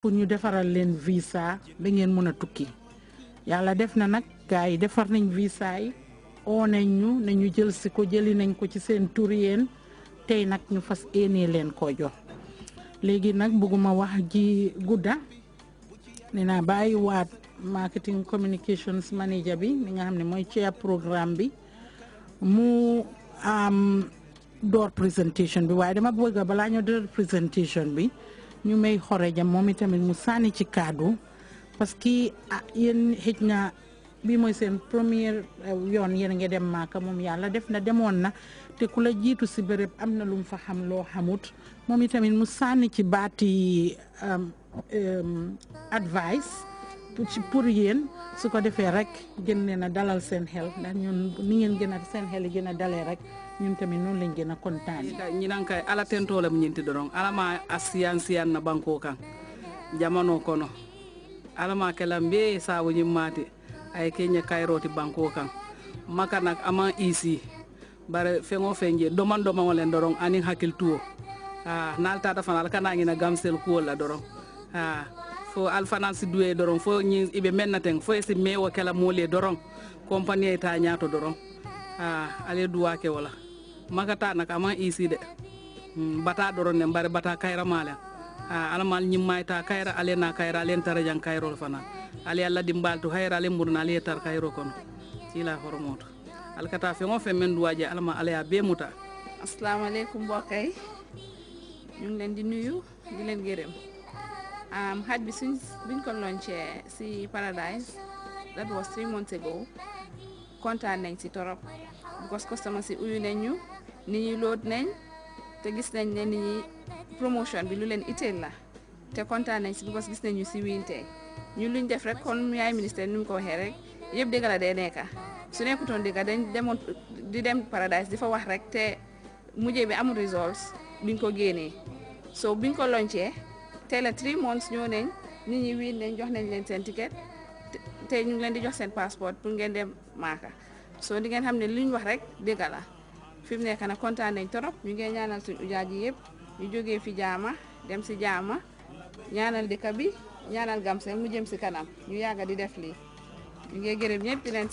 pour ñu defaral leen visa ba ngeen mën a tukki yàlla def na nag gars nañ visa yi oo nañ ñu ne ñu jël si ko jëli nañ ko ci seen tur yéen tey nag ñu fas éenee leen koo jox léegi nag bëgguma wax ji gudda waat marketing communications manager bi mi nga xam ne chair programme bi mu am door presentation bi waaye dama bëgg balaa ñu door presentation bi ñu may xoreja moom itamit mu sànni ci kaddu parce que ah yéen xëj na bii mooy seen première euh, yoon yéen nga dem maaka moom yàlla def na demoon na te ku la jiitu si béréb am na lu mu fa xam loo xamut moom itamit mu sànni ci baati euh, euh, advice ci pour yéen su ko defee rek gën leen a dalal seen xel ndax ñun ni ngeen gën a seen xel yi gën a dalee rek ñun tamit noonu lañ gën a kontaan ñinan kay ala tentoo lam ñinti dorong ala ma asiyan siyan na banko kan jamono kono ala ma kala mbe sawo ñim maati ay kee kenya kayroti banko kan maka nag ama iisi bare fengo fenje doman doman wolen dorong anin hakkil tuwo ah nal tata fanal kana ngina gamsel kuwol la dorong ah fo alfanan si duwee dorong fo ñi ibe men na mennaten fo si meewo kela moolee dorong compagnie taa ñaato dorong ah ale duwa ke wala makata naka ama isi de hmm, bata doron ne bare bata kayra mala a alamal nyimmayta kayra ale na kayra len tarajan kayrol fana ali alla dimbal to hayra ale murna ali tar kayro kono sila hormoto alkata fe mo fe men duwaje alama ala ya be muta assalamu alaikum bokay ñu ngi leen di nuyu di leen gërëm um haj bi suñ buñ ko lancé si paradise that was three months ago kontaan nañ si torop gos customer si uyu nañ ñu nit ñi loot nañ te gis nañ ne nit ñi promotion bi lu leen itteel la te kontaan nañ si because gis nañ ñu si wiintee ñu luñ def rek kon yaay ministère ni mu ko waxee rek yëpp dëgg la nee nekka su nekkutoon dëgg dañ demoon di dem paradise di fa wax rek te mujjee bi amul results biñ ko génnee so biñ ko loncee teel a three months ñoo nañ nit ñu wiin nañ jox nañ leen seen ticket te ñu ngi leen di jox seen passeport pour ngeen dem maaka so di ngeen xam ne liñ wax rek dëgg la fim mu nekk nag kontaan nañ torop ñu ngi ñaanal suñ ujaaji yëpp ñu jógee fi jaama dem si jaama ñaanal dëkk bi ñaanal gamsel mu jëm si kanam ñu yàgga di def lii ñu ngi gërëm ñëpp di leen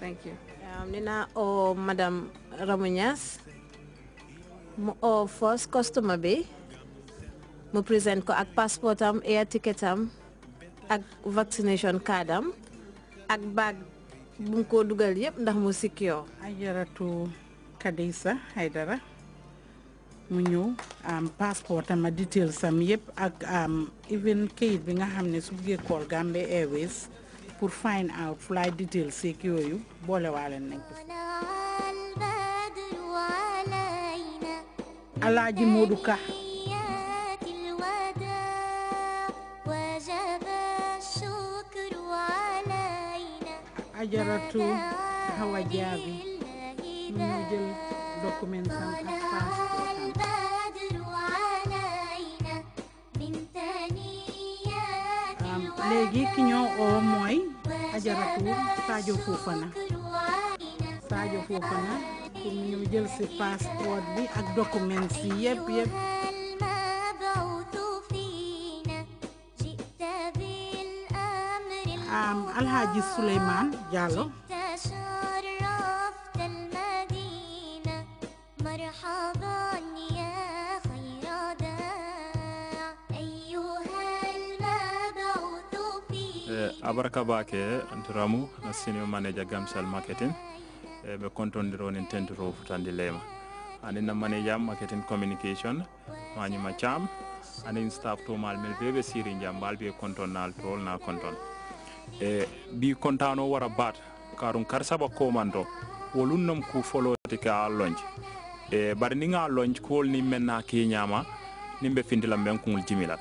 thank you um, nina o oh, madame ramuñas o oh, first customer bi mo present ko ak passport am air ticket am ak vaccination card am ak bag bu ko dugal yépp ndax mu ay secure ajaratu Kadisa dara mu ñëw am passeport am details am yëpp ak am even kayit bi nga xam ne su buggee call Gambia Airways pour find out flight details yeeg yooyu boolewaale nañ ko Alaaji Modou Ka ajaratu Hawa Jaabi mu jël document am ak passeport am léegi ki ñoo oo mooy ajaratu Sadio Fofana Sadio Fofana pour ñu jël si passeport bi ak document si yëpp um, Alhaji Souleymane Diallo eh, abaraka bake antiramu na senior manager gamsal marketing eh, e ɓe contodiro nen tentiro futandi lema anin na manager marketing communication mañuma thiam anin staff to mal mel be ɓe siri jam mbal ɓe contonnal tol na conton e bi kontano wara bat karun kar saba komando wolun nam ku te ka lonj e bar ni nga lonj ko ni menna ki nyama ni be findila men kungul jimila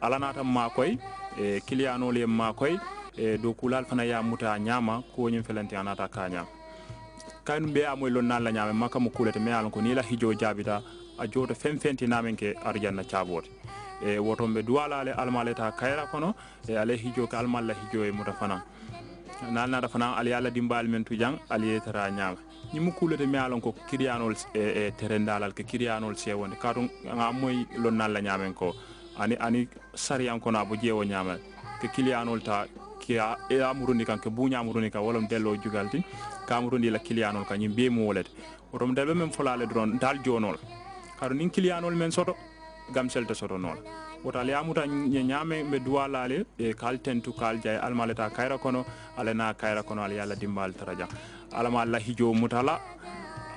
alana tam ma koy e kiliyano le ma koy e do kulal fana ya muta nyama ko nyum felanti anata ka nyama kaynum be amoy lon nan la nyama makam kulete me alon ko ni la hijo jabita a jooɗo fen fenti namen ke arjanna caaboote e wotonɓe duwalale almale ta kayra kono e ala hijo ko almalla hijo e muta fana nalnaɗa fana ala allah dimbali men tujan ala yetata ñama ñimmu kulete mialon ko kiryanol e tere dalal ko kiryanol sewonde ka katum ga moyi nalla ñamen ko ani ani sariyan kono abo jeewo ñama ko kiliyanol ta kiya amurundi kan ko buñamurundi kan walla dello jugalti kamurundi la kiliyanol kañum mbimu wolete otom dalɓe men folale dron dal jonol kaatu niŋ kiliyaanolu meŋ soto gamsel te soto noo la woto ala yamuta ñe ñaame mbe duwa laale e kaal tentu kaal jaye alma leta kayra kono ala na kayra kono ala yalla dimbal tara jang alama allah hijo mutala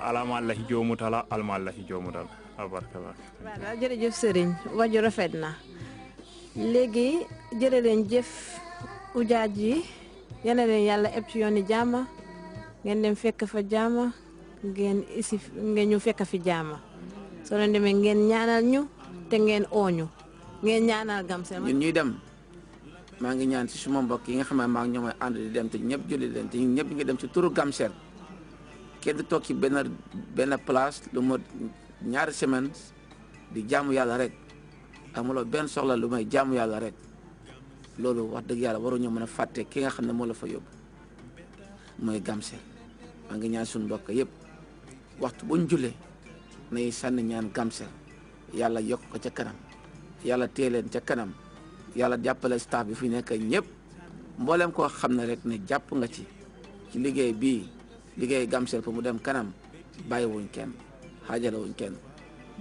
alama allah hijo mutala alma allah hijo mutala abarkallah wala jërëjëf sëriñ waju rafet na léegi jërë leen jëf ujaaj yi yene leen yàlla eb ci yooni jaama ngeen dem fekk fa jaama ngeen isi ngeen ñu fekk fi jaama soo leen demee ngeen ñaanal ñu te ngeen oñu ngeen ñaanal Gamcel. ñun ñuy dem maa ngi ñaan si suma mbokk yi nga xam ne maa ngi ñoom ànd di ñëpp julli leen ñëpp ñu dem si turu Gamcel kenn du toog ci benn benn place lu ñaari semaine di jaamu yàlla rek amuloo benn soxla lu may jaamu yàlla rek loolu wax dëgg yàlla waruñu mën a fàtte ki nga xam ne moo la fa yóbbu mooy Gamcel maa ngi ñaan suñu mbokk yëpp waxtu buñ jullee. nay sànni ñaan gamsel yàlla yokk ko ca kanam yàlla téye leen ca kanam yàlla jàppale staff bi fi nekk ñëpp mboolem koo xam rek ne jàpp nga ci ci mu dem kanam bàyyi wuñ kenn xaajale wuñ kenn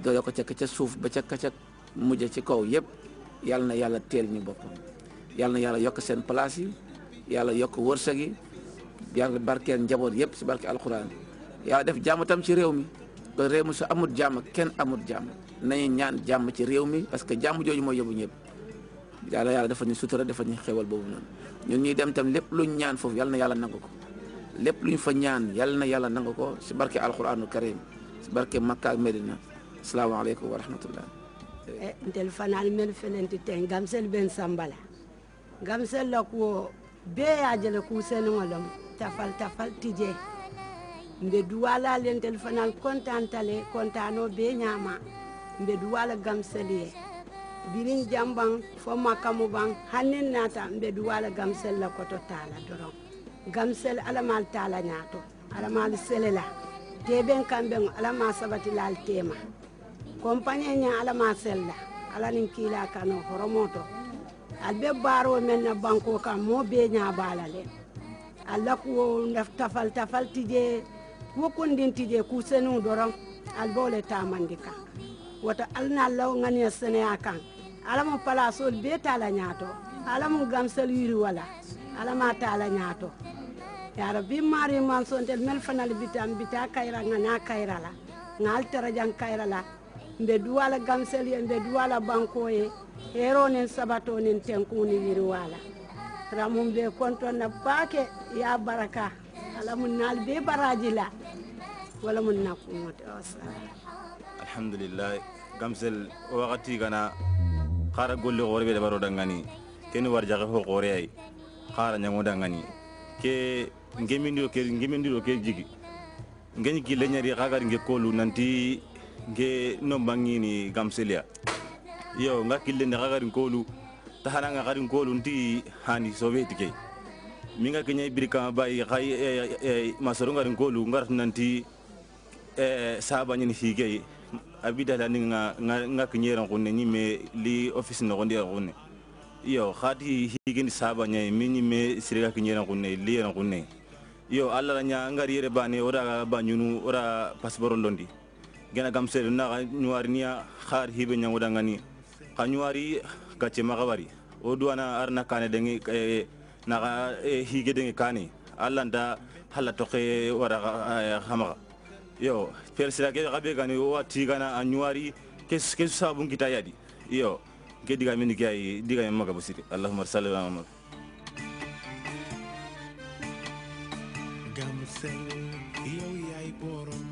doole ko ca ca suuf ba ca ca mujj ci kaw yëpp yàlla na yàlla teel ñu boppam yàlla na yàlla yok seen place yi yàlla yokk wërsëg yi yàlla barkeel njaboot yëpp barke alquran def jamatam ci mi réew mi su amul jàmm kenn amul jàmm nañu ñaan jàmm ci réew mi parce que jàmm jooju mooy yóbbu ñëpp yàlla yàlla dafa ñu sutura dafa ñu xewal boobu noonu ñun ñuy dem tam lépp luñ ñaan foofu yàlla na yàlla nangu ko lépp luñ fa ñaan yàlla na yàlla nangu ko si barke alquranu karim si barke makka ak medina asalaamaaleykum wa rahmatullah eh, ntel fanani men felenti ten gamsel ben sambala gamsel la ko be yaajele ku seniŋo lom tafal tafal tijee mbe duwala lentel fanal contantale contano be ñama mbe duwala gam selye birin jamban fo makkamu ban hannin nata mbe duwala gam sella koto tala doron gam sel alamal tala ñato alamal selela te ɓen kamɓen alama sabati lal tema compagne ña alama sella alanin kila kano horomoto alɓe baro menna banko kam mo be ñabalale allah kuwo daf tafal tafal tije wo kundintije ku senu doron albo le tamandi kan woto alna law ŋaniya seneya kan ala mu palasol be tala ñaato ala mu gamsel yiri wala ala ma tala ñaato ya rabbi mari man sontel mel fanal bitam bita kayra nga na kayra la ngal tarajan kayra la mbe duwala gamsel ye mbe duwala banko ye hero nen sabato nen tenkuni yiri wala ramum be konton na pake ya baraka ala munnal be baraji la wala mun alhamdulillah gamsel wakati gana kara golle gore be baro dangani ken warja ko gore ay kara nyango dangani ke ngemindiyo ke ngemindiyo ke jigi ngen gi lenyari kagar nge kolu nanti nge no bangini gamselia yo ngakille ne kagar kolu tahana ngakarin kolu ndi hani soviet ke minga kenya ibirika bai gai eh, eh, eh masoro ngari nanti eh, saba nyen hige abida la ninga nga kinyera ngone nyime li office no ngonde ngone yo khati hige ni saba nyai minyi me sirika kinyera ngone li ngone yo alla la nya ngari yere bane ora banyunu ora passport londi gena gam na nyuari niya khar hibe nyangoda ngani kanyuari kache magawari oduana arna kane dengi eh, naxa xigedenge eh, kaani a landa hala toxe wara xamaxa eh, iyo persira ke xa ɓegani wa tigana a ñuwari ke sabun kita yadi iyo ke digamini ke ay digame maga bo siri allahuma salli ala mamad gamsel yow yaay borom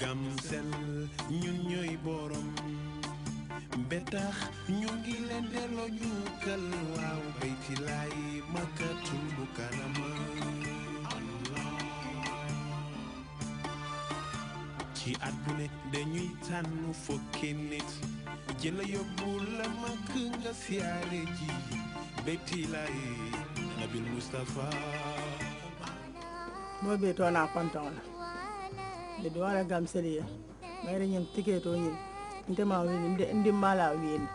gamsel ñun ñoy borom mbetax ñu ngi leen delloo njukkal waaw béyti laay kanama ci at bu ne dañuy tànn nit jëla yóbbu la makk nga siyaare ji béyti nabil Mustafa moo bii toona kontoŋ la di duwara gamseliya mayri ñin tikeetoo ñin nte ma wini nde